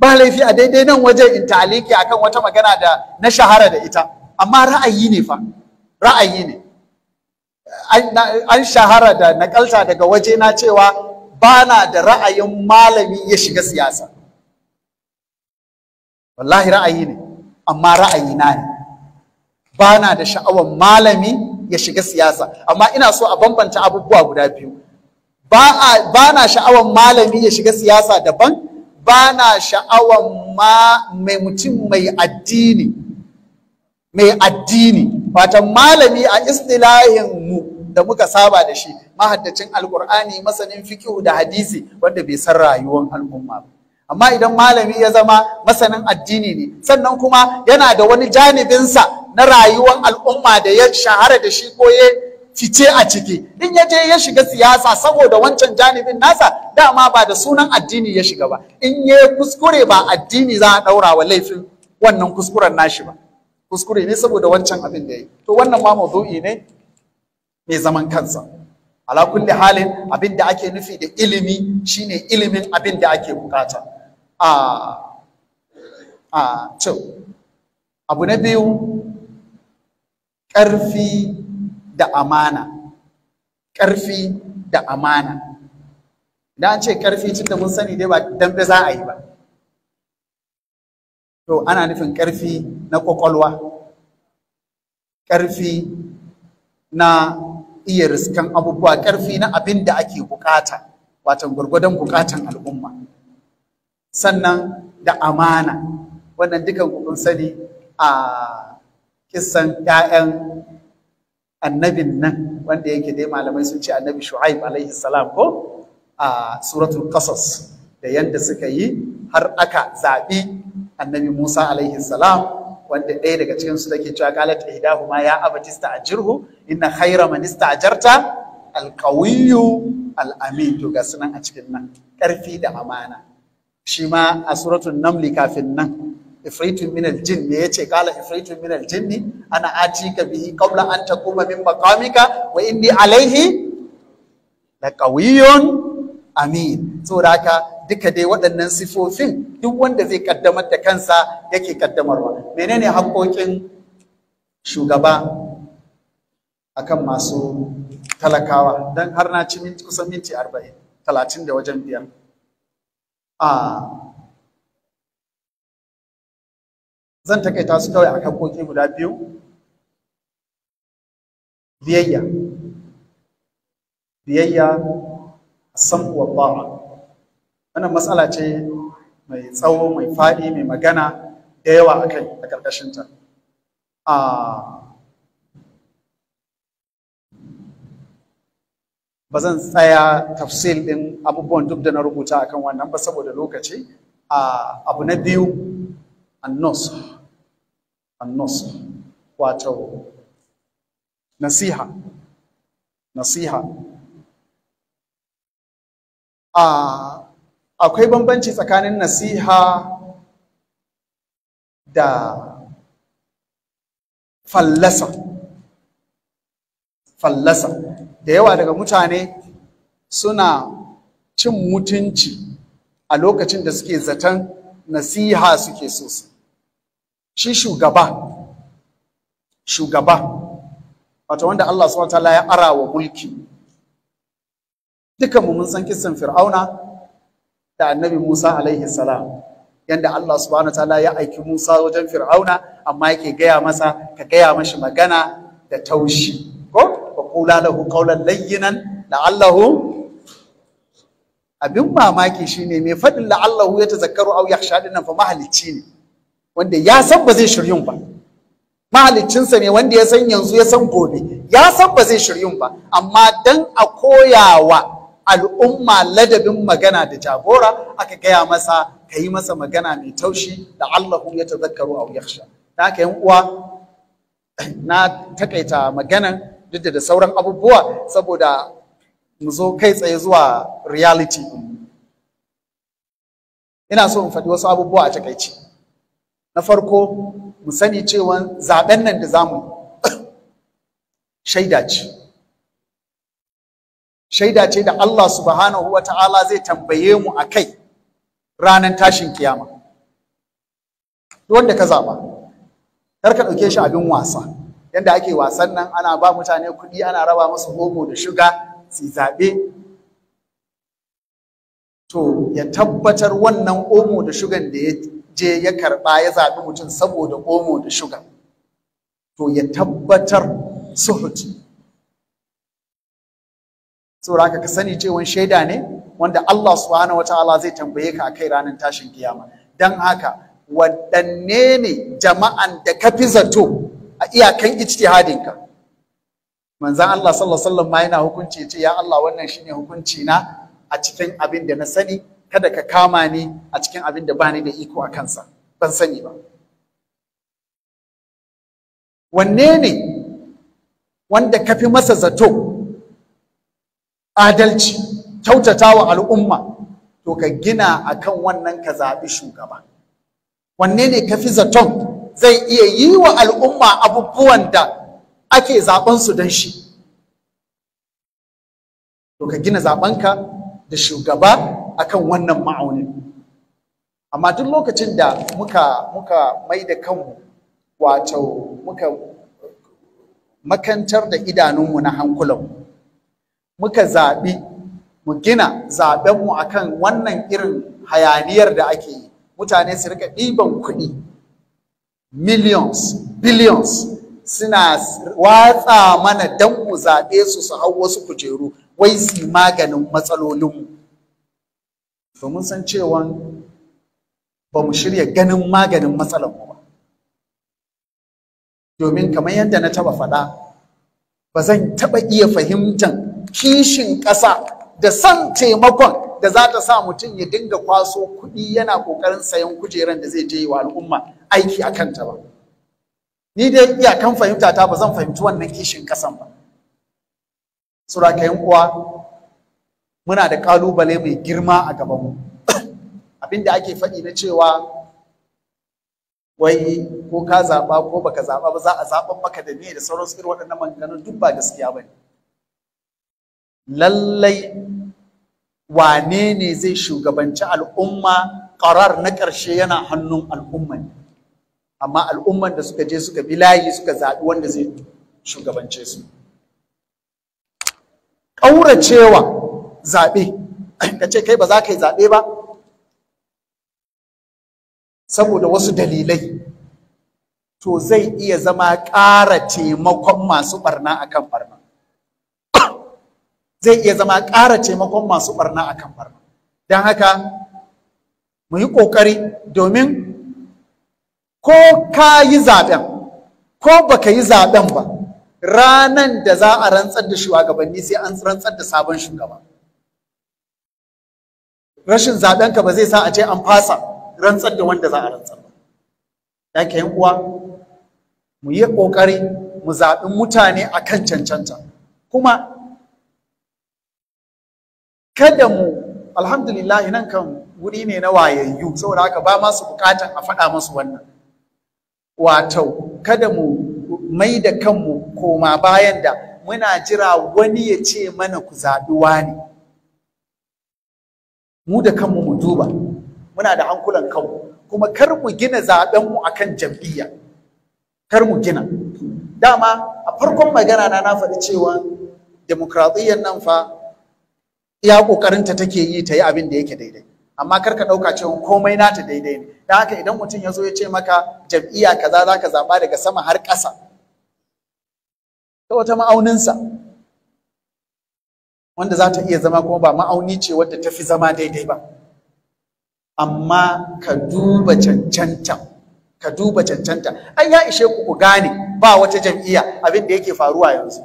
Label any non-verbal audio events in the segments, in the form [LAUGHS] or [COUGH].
ba laifi a daidai nan waje in taliki akan wata magana da na shahara da ita amma ra'ayi ne fa ra'ayi ne an shahara da nakalta daga waje na cewa ba na da ra'ayin malami ya shiga siyasa wallahi ra'ayi ne amma ra'ayi na ne ba na da sha'awar malami ya shiga siyasa amma ina so a bambanta abubuwa guda biyu ba na sha'awar malami ya shiga siyasa daban Bana na sha'awan ma mai mutum mai addini mai addini fatan malami a istilahin mu da muka saba da shi mahaddacin alkur'ani masanin fikihu da hadisi wanda bai san rayuwar al'umma ba amma idan malami ya zama masanin addini ne sannan kuma yana da wani janibinsa na rayuwar al'umma da ya shahara da shi koye fice a ciki in ya je ya shiga siyasa saboda wancan janibin nasa dama ba da sunan addini ya shiga ba in ya kuskure ba addini za a ɗaura wa laifin wannan kuskuren nashi ba kuskure ne saboda wancan abin da ya to wannan ma mawdu'i ne mai zaman kansa ala kulli halin abin da ake nufi da ilimi shine ilimin abin da ake bukata a a to abu na biyu ƙarfi da amana ƙarfi da amana idan an ce ƙarfi da mun sani dai ba dambe za a yi ba to ana nufin ƙarfi na ƙwaƙwalwa ƙarfi na iya riskan abubuwa ƙarfi na abin da ake buƙata, watan gwargwadon buƙatan al'umma sannan da amana wannan dukan kun sani a kisan 'ya'yan annabin nan wanda yake dai malamai sun ce annabi shu'aib alaihi salam ko a suratul qasas da yanda suka yi har aka zaɓi annabi musa alaihi salam wanda ɗaya daga cikin su take cewa qalat ihdahu ma ya abatista ajirhu inna khayra man istajarta alqawiyyu alamin to ga sunan a cikin nan ƙarfi da amana shi ma a suratul namli kafin nan ifritun minal jin ne yace kala ifritun minal jinni ana atika bihi qabla an taquma min maqamika wa inni alaihi laqawiyyun amin saboda haka duka dai waɗannan sifofin duk wanda zai kaddamar da kansa yake kaddamarwa menene haƙoƙin shugaba akan masu talakawa don har na ci kusan minti arba'in talatin da wajen biyar ah, zan takaita su kawai a koke guda biyu biyayya biyayya san wa wannan matsala ce mai tsawo mai faɗi mai magana da yawa a kai a ƙarƙashinta ba zan tsaya tafsil ɗin abubuwan duk da na rubuta akan wannan ba saboda lokaci abu na biyu annos annos wato nasiha nasiha a ah, akwai bambanci tsakanin nasiha da fallasa fallasa da yawa daga mutane suna cin mutunci a lokacin da suke zaton nasiha suke so su shi shugaba shugaba wato wanda Allah subhanahu wataala ya ara wa mulki dukan mu mun san kissan fir'auna da annabi Musa alaihi salam yanda Allah subhanahu wataala ya aiki Musa wajen fir'auna amma yake gaya masa ka gaya mashi magana da taushi ko ko lahu qawlan layyinan la'allahu abin mamaki shine mai faɗin la'allahu ya tazakkaru aw yakhsha dinan fa mahalicci ne wanda ya san ba zai shiryun ba mahaliccinsa ne wanda ya san yanzu ya san gobe ya san ba zai shiryun ba amma dan a koyawa al'umma ladabin magana da jagora aka gaya masa ka yi masa magana mai taushi da Allah ya tazakkaru aw yakhsha ta haka yan uwa na takaita magana duk da sauran abubuwa saboda mu zo kai tsaye zuwa reality ina so in faɗi wasu abubuwa a takaici na farko mu sani cewa zaben nan da zamu [COUGHS] shaida ce shaida ce da Allah subhanahu wa ta'ala zai tambaye mu a kai ranar tashin kiyama wanda ka zaba kar ka ɗauke shi abin wasa yadda ake wasan nan ana ba mutane kuɗi ana raba musu gogo da shuga su zaɓe to ya tabbatar wannan omo da shugan da ya je ya karɓa ya zaɓi mutum saboda omo da shuga, to ya tabbatar suhuti saboda haka ka sani cewa shaida ne wanda Allah subhanahu wataala zai tambaye ka kai ranar tashin kiyama dan haka waɗanne ne jama'an da ka fi zato a iyakan ka manzan Allah sallallahu alaihi wasallam ma yana hukunci ce ya Allah wannan shine hukunci na a cikin abin da na sani kada ka kama ni a cikin abin da bani da iko a kansa ban sani ba wanne ne wanda ka fi masa zato adalci kyautatawa al'umma to ka gina akan wannan ka zaɓi shugaba wanne ne ka fi zaton zai iya yi wa al'umma abubuwan da ake zaben su don shi to ka gina ka da shugaba akan wannan ma'aunin amma duk lokacin da muka muka mai da kanmu wato muka makantar da idanunmu na hankulan muka zaɓi mu gina zaɓenmu akan wannan irin hayaniyar da ake yi mutane su rika ɗiban kuɗi millions billions suna watsa mana dan mu zaɓe su su hau wasu kujeru wai su maganin matsalolinmu mun san cewa ba mu shirya ganin maganin matsalanmu ba domin kamar yadda na taba faɗa ba zan taɓa iya fahimtan kishin ƙasa da san taimakon da za ta sa mutum ya dinga kwaso kuɗi yana ƙoƙarin sayan kujeran da zai je wa al'umma aiki a kanta ba. ni dai iyakan fahimta ta ba zan fahimci wannan kishin kasan ba suraka ka uwa muna da kalubale mai girma a gaban gabanmu [COUGHS] abinda ake faɗi na cewa wai ko ka zaɓa ko baka zaɓa ba za a zaɓan maka da ne da sauran su irin waɗannan maganganun duk ba gaskiya ba ne lallai wane ne zai shugabanci al'umma ƙarar na ƙarshe yana hannun al'umma ne amma al'umman da suka je suka bi layi suka zaɓi wanda zai shugabance su ƙauracewa zaɓe [LAUGHS] ka ce kai ba za ka yi zaɓe ba saboda wasu dalilai to zai iya zama ƙara taimakon masu ɓarna akan ɓarna zai iya zama ƙara taimakon masu ɓarna akan ɓarna don haka mu yi ƙoƙari domin ko ka yi zaɓen ko baka yi zaɓen ba ranan da za a rantsar da shugabanni sai an rantsar da sabon shugaba rashin ka ba zai sa a ce an fasa rantsar da wanda za a rantsar ba ya ke uwa mu yi ƙoƙari mu zaɓi mutane a kan cancanta kuma kada mu alhamdulillah nan kan wuri ne na wayayyu saboda haka ba masu buƙatan a faɗa masu wannan wato kada mu mai da kanmu koma bayan da muna jira wani ya ce mana ku zaɓi ne mu da kanmu mu duba muna da hankulan kanmu kuma kar mu gina zaɓenmu a kan jam'iyya kar mu gina dama a farkon magana na na faɗi cewa demokradiyyar nan fa iya ƙoƙarinta take yi ta yi abin da yake daidai amma kar ka ɗauka cewa komai nata daidai ne don haka idan mutum ya zo ya ce maka jam'iyya kaza za ka zaɓa daga sama har ƙasa ta wata ma'auninsa wanda za ta iya zama kuma ba ma'auni ce wadda ta fi zama daidai ba amma ka duba cancanta ka duba cancanta an ya ishe ku ku gane ba wata jam'iyya abin da yake faruwa yanzu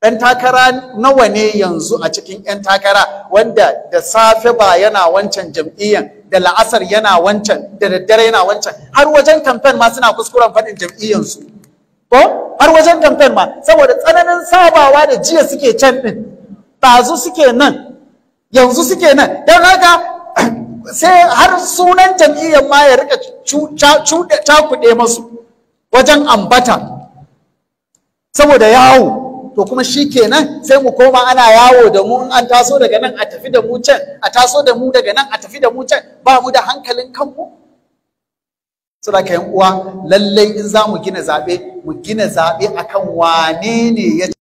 ɗan takara nawa ne yanzu a cikin 'yan takara wanda da safe ba yana wancan jam'iyyan da la'asar yana wancan da daddare yana wancan har wajen kamfen ma suna kuskuren faɗin jam'iyyansu ko har wajen kamfen ma saboda tsananin sabawa da jiya suke can ɗin ɗazu suke nan yanzu suke nan don haka [CLEARS THROAT] sai har sunan jam'iyyar ma ya rika cakuɗe masu wajen ambata saboda yawo to kuma shi kenan sai mu koma ana yawo da mu in an taso daga nan a tafi da mu can a taso da mu daga nan a tafi da mu can ba mu da hankalin kanmu saboda yan uwa lallai in za mu gina zaɓe mu gina zaɓe akan wane ne ya